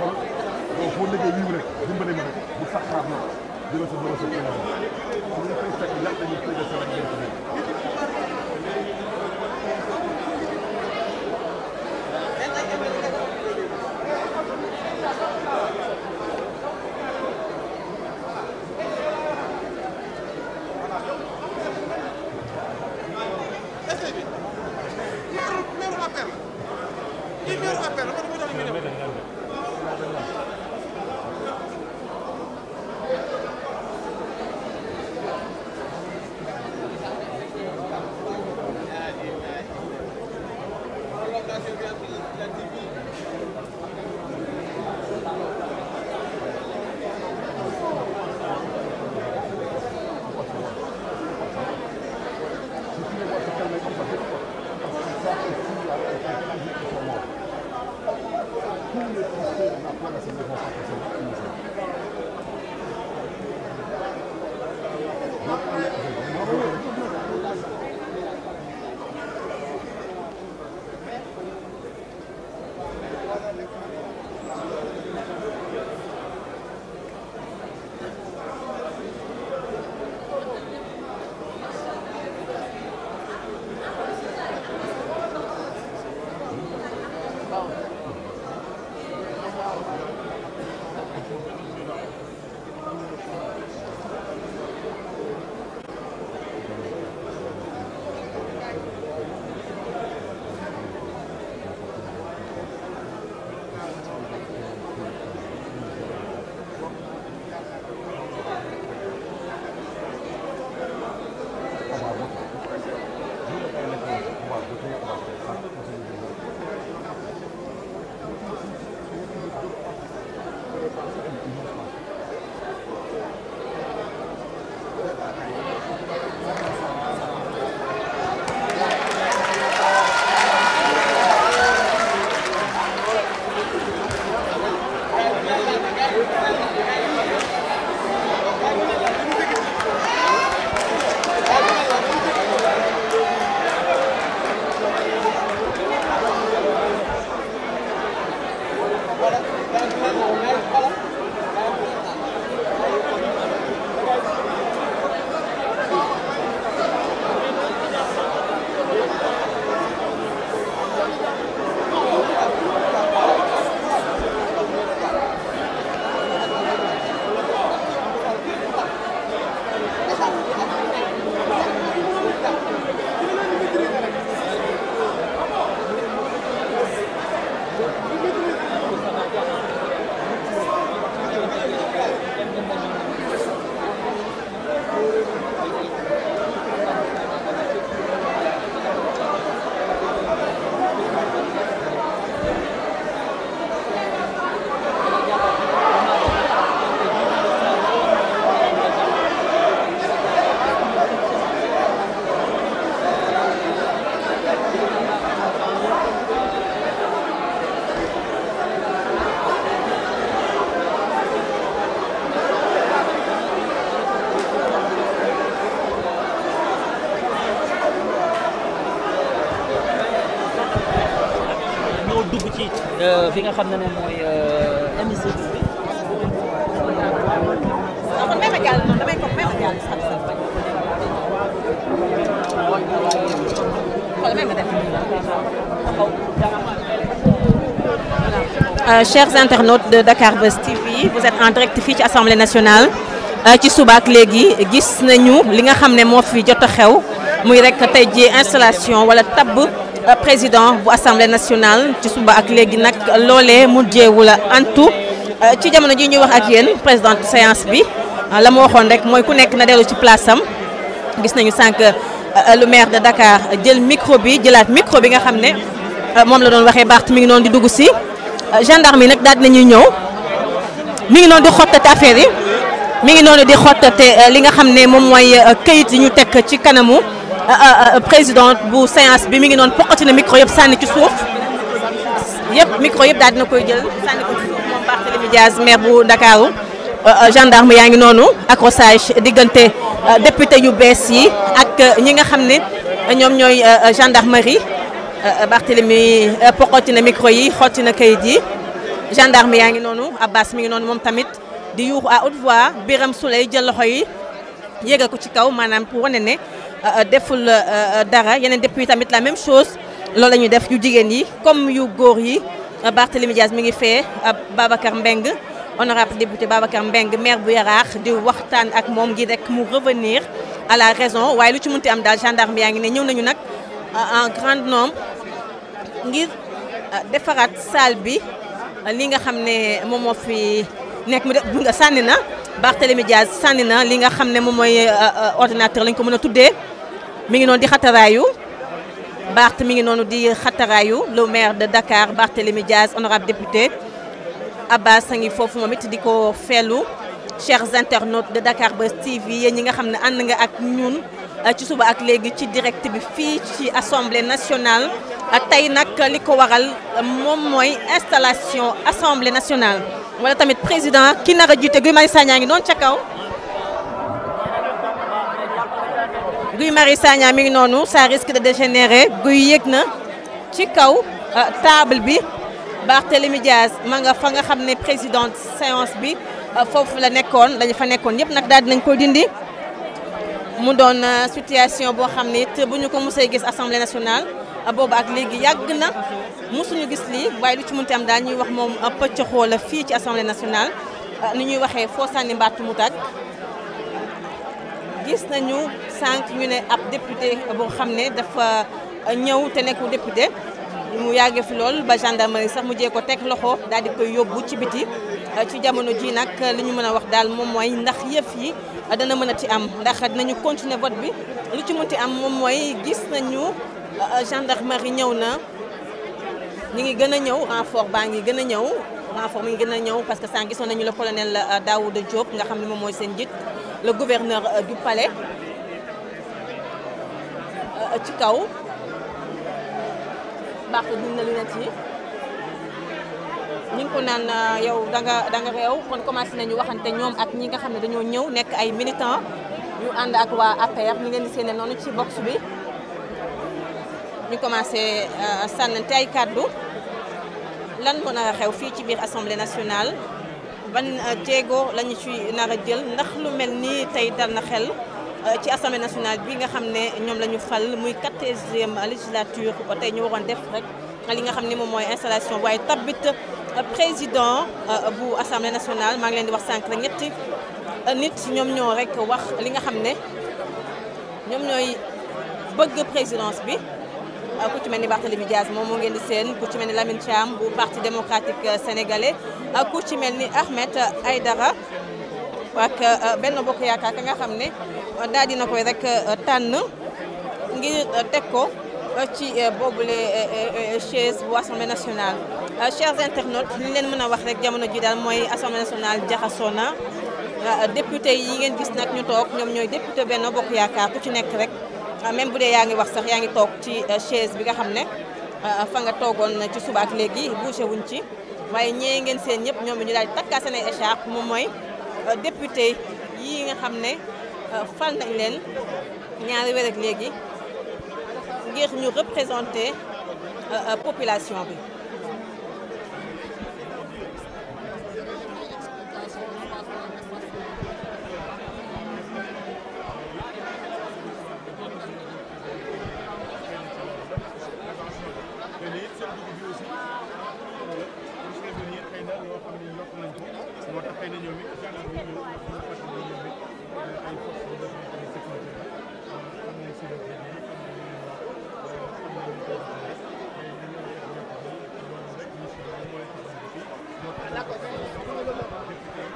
xool boo liggéey wii mu rek dimbali ma rek bu sax xaar na jëlal sa borom sa kër la su ñu koy fekk yàlla dañuy tëjal sa rajo Thank you. fi nga xam ne moom mooy hémicycle euh, bi. Euh, chers internautes de Dakar Buzz TV vous êtes en direct fii ci assemblée nationale euh, ci suba léegi gis nañu li nga xam ne moo fi jot a xew muy rek tey jii installation wala tabb. Euh, président bu assemblée nationale ci suba ak léegi nag loolee mujjeewu la antu euh, ci jamono ji ñuy wax ak yéen présidente séance bi la ma waxoon rek mooy ku nekk na dellu ci place am gis nañu sànq euh, le maire de Dakar jël micro bi jëlaat micro bi nga xam ne moom la doon waxee Barth mi ngi noonu di dugg si gendarme yi nag daal dinañuy ñëw mu ngi noonu di xottate affaire yi mi ngi noonu di xottate li nga xam ne moom mooy kayit yi ñu teg ci kanamu. Euh, euh, euh, président bu séance bi mi ngi noonu poqati na micro yëpp sànni ci suuf yëpp micro yëpp daal dina koy jël sànni ko ci suuf moom Barthélémy Dias maire bu Ndakaaru gendarme yaa ngi noonu accrochage diggante député yu bees yi ak ñi nga xam ne ñoom ñooy gendarmerie mi poqati na micro yi xotti na kayit yi gendarme yaa ngi noonu Abbas mi ngi noonu moom tamit di yuuxu à haute voix Birame jël loxo yi yéegal ko ci kaw maanaam pour wane ne Euh, deful euh, euh, dara yeneen député yi tamit la même chose loolu la ñuy def yu jigéen yi comme yu góor yi Barthélémy Dias mi ngi fee Babacar Mbengue honorable député Babacar mbeng maire bu Yaraax di waxtaan ak moom gi rek mu revenir à la raison waaye lu ci mënti am daal gendarme yaa ngi ne ñëw nañu nag en grand nombre ngir defaraat salle bi li nga xam ne moom nekk mu def nga sànni na Barthélémy Dias sànni na li nga xam ne moom mooy ordinateur lañ ko mën a tuddee mi ngi noonu di xataraayu Barth mi ngi noonu di xataraayu le maire de Dakar Barthélémy Diaz honorable député Abbas a ngi foofu moom it di ko feelu chers internautes de Dakar Buzz TV yéen ñi nga xam ne ànd nga ak ñun euh, ci suba ak léegi ci direct bi fii ci assemblée nationale euh, tey nag li ko waral euh, moom mooy installation assemblée nationale wala tamit président ki nar a jiite Guy Marius Sagna ngi noonu ca kaw Guy Marius Sagna mi ngi noonu ça risque de dégénérer Guy yéeg na ci kaw euh, table bi baax Barthélémy Dias ma nga fa nga xam ne présidente séance bi euh, foofu la nekkoon dañu fa nekkoon yëpp nag daal nañ ko dindi mu doon euh, situation boo xam ne it bu ñu ko mosee gis assemblée nationale boobu ak léegi yàgg na mosuñu gis lii waaye lu ci mun mënti am daal ñuy wax moom pëcc xoola fii ci assemblée nationale ni ñuy waxee foo sànni mbaatu mu tàgg gis nañu sànq ñu ne ab député boo xam ne dafa ñëw te nekku député mu yàggee fi lool ba gendarmerie sax mu jee ko teg loxo daal di koy yóbbu ci biti ci jamono ji nag li ñu mën a wax daal moom mooy ndax yëf yi dana mën a ci am ndax nañu continuer vote bi lu ci mënti am moom mooy gis nañu euh, gendarmerie ñëw na ñu ngi gën a ñëw renfort baa ngi gën a ñëw renfort mi ngi gën a ñëw parce que sànq gisoon nañu le colonel euh, Daouda Diop nga xam ne moom mooy seen njiit le gouverneur euh, du palais euh, ci kaw baax dund na lunette yi ñu ko naan yow danga nga da nga réew kon commencé nañu waxante ñoom ak ñi nga xam ne dañoo ñëw nekk ay militants ñu ànd ak waa APR ñu ngeen di séenee noonu ci box bi ñu commencé sànnante ay kàddu. lan moo nar xew fii ci biir assemblée nationale ban euh, jéego la ñu ci nar a jël ndax lu mel ni tey dal na xel euh, ci assemblée nationale bi nga xam ne ñoom la ñu fal muy quatorzième législature tey ñu waxoon def rek li nga xam ni moom mooy installation waaye tabit euh, président bu assemblée nationale maa ngi leen di wax sànq la ñetti nit ñoom ñoo rek wax li nga xam ne ñoom ñooy bëgg présidence bi. ku ci mel ni Barthélémy Dias moom moo ngeen di seen ku ci mel ni Lamine Thiam bu parti démocratique euh, sénégalais ku ci mel ni Ahmed Aïdara ak euh, benn bokk yaakaar ka nga xam ne euh, daal dina koy rek tànn ngir teg ko ci boobule chaise bu assemblée nationale. chers internautes li leen mën a wax rek jamono ji daal mooy assemblée nationale jaxasoo na député yi ngeen gis nag ñu toog ñoom ñooy député benn bokk yaakaar ku ci nekk rek. Ah, même bu dee yaa ngi wax sax yaa ngi toog ci euh, chaise bi nga xam ne euh, fa nga toogoon ci suba ak léegi bouché wuñ ci waaye ñee ngeen seen ñëpp ñoom ñu daal di takkaa seen ay écharpe moom mooy euh, député yi nga xam ne fal nañ leen ñaari weer ak léegi ngir ñu représenter population bi.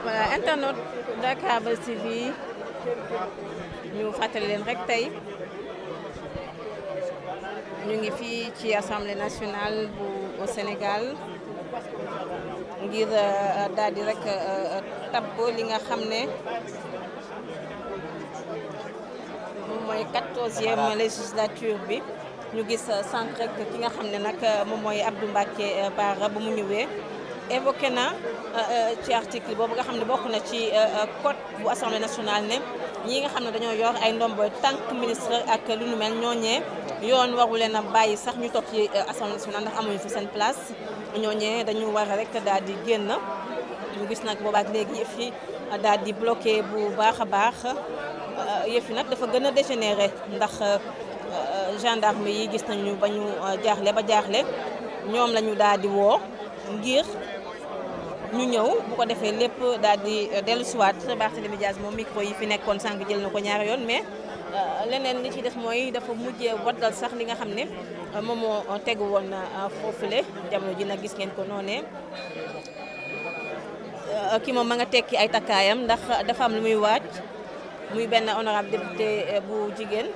voilà internet Dakar Buzz TV ñu fàttali leen rek tey ñu ngi fii ci assemblée nationale bu au Sénégal ngir euh, daal di rek euh, euh, li nga xam ne moom mooy quatorzième législature bi ñu gis sànq rek ki nga xam ne nag moom mooy Abdou Mbacké Bara ba mu ñëwee. évoqué na euh, euh, ci article boobu nga xam ne bokk na ci euh, code bu assemblée national ne ñi nga xam ne dañoo yor ay ndomboy tànk ministre ak lu nu mel ñooñee yoon waru leen a bàyyi sax ñu toog ci assemblée nationale ndax amuñu fa seen place ñooñee dañu war rek daal di génn ñu gis nag ak léegi yëf yi daal di bloqué bu baax a baax yëf yi nag dafa gën a dégénéré ndax gendarme yi gis nañu ba ñu jaaxle ba jaaxle ñoom la ñu daal di woo ngir ñu ñëw bu ko defee lépp daal di euh, dellu siwaat Barthélémy Dias moom micro yi fi nekkoon sànq jël na ko ñaar yoon mais euh, leneen li ci des mooy dafa mujjee waddal sax li nga xam ne euh, moom moo tegu woon foofule jamono ji nag gis ngeen ko noonee ki moom ma nga tekki ay takkaayam ndax dafa am lu muy waaj muy benn honorable député bu jigéen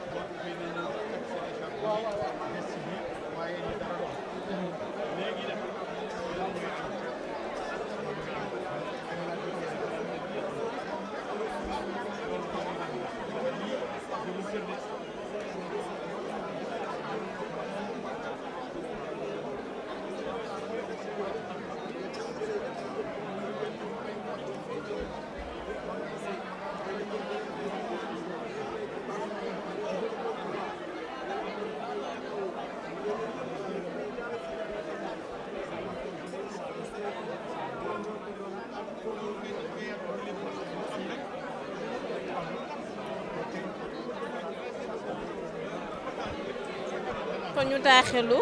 ko ñu taaxilu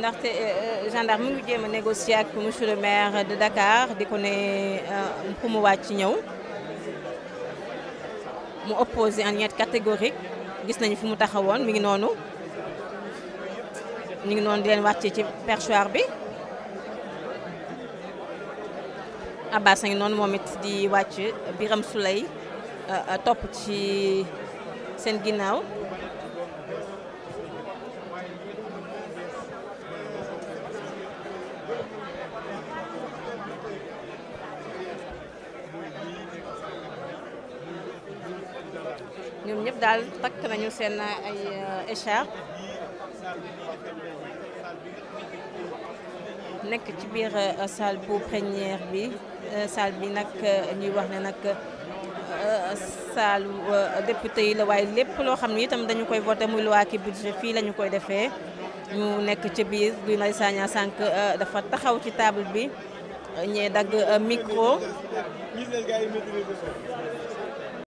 ndaxte euh, euh, gendarme mu ngi jéem a négocier ak monsieur le maire de Dakar di ko ne euh, ku mu wàcc ñëw mu opposé en ñett catégorique gis nañu fu mu taxawoon mi ngi noonu ñu ngi noonu di leen wàccee ci perchoir bi Abbas a ngi noonu moom it di wàcc Biram Souley topp ci seen ginnaaw daal takk nañu seen ay euh, écharpe nekk ci biir euh, salle bu plénière bi euh, salle bi nag ñuy wax ne nag salle député yi la waaye lépp loo xam ne itam dañu koy voté muy loi budget fii lañu koy defee ñu nekk ci biir Guy Marius Sagna sànq dafa taxaw ci taabul bi ñee dagg micro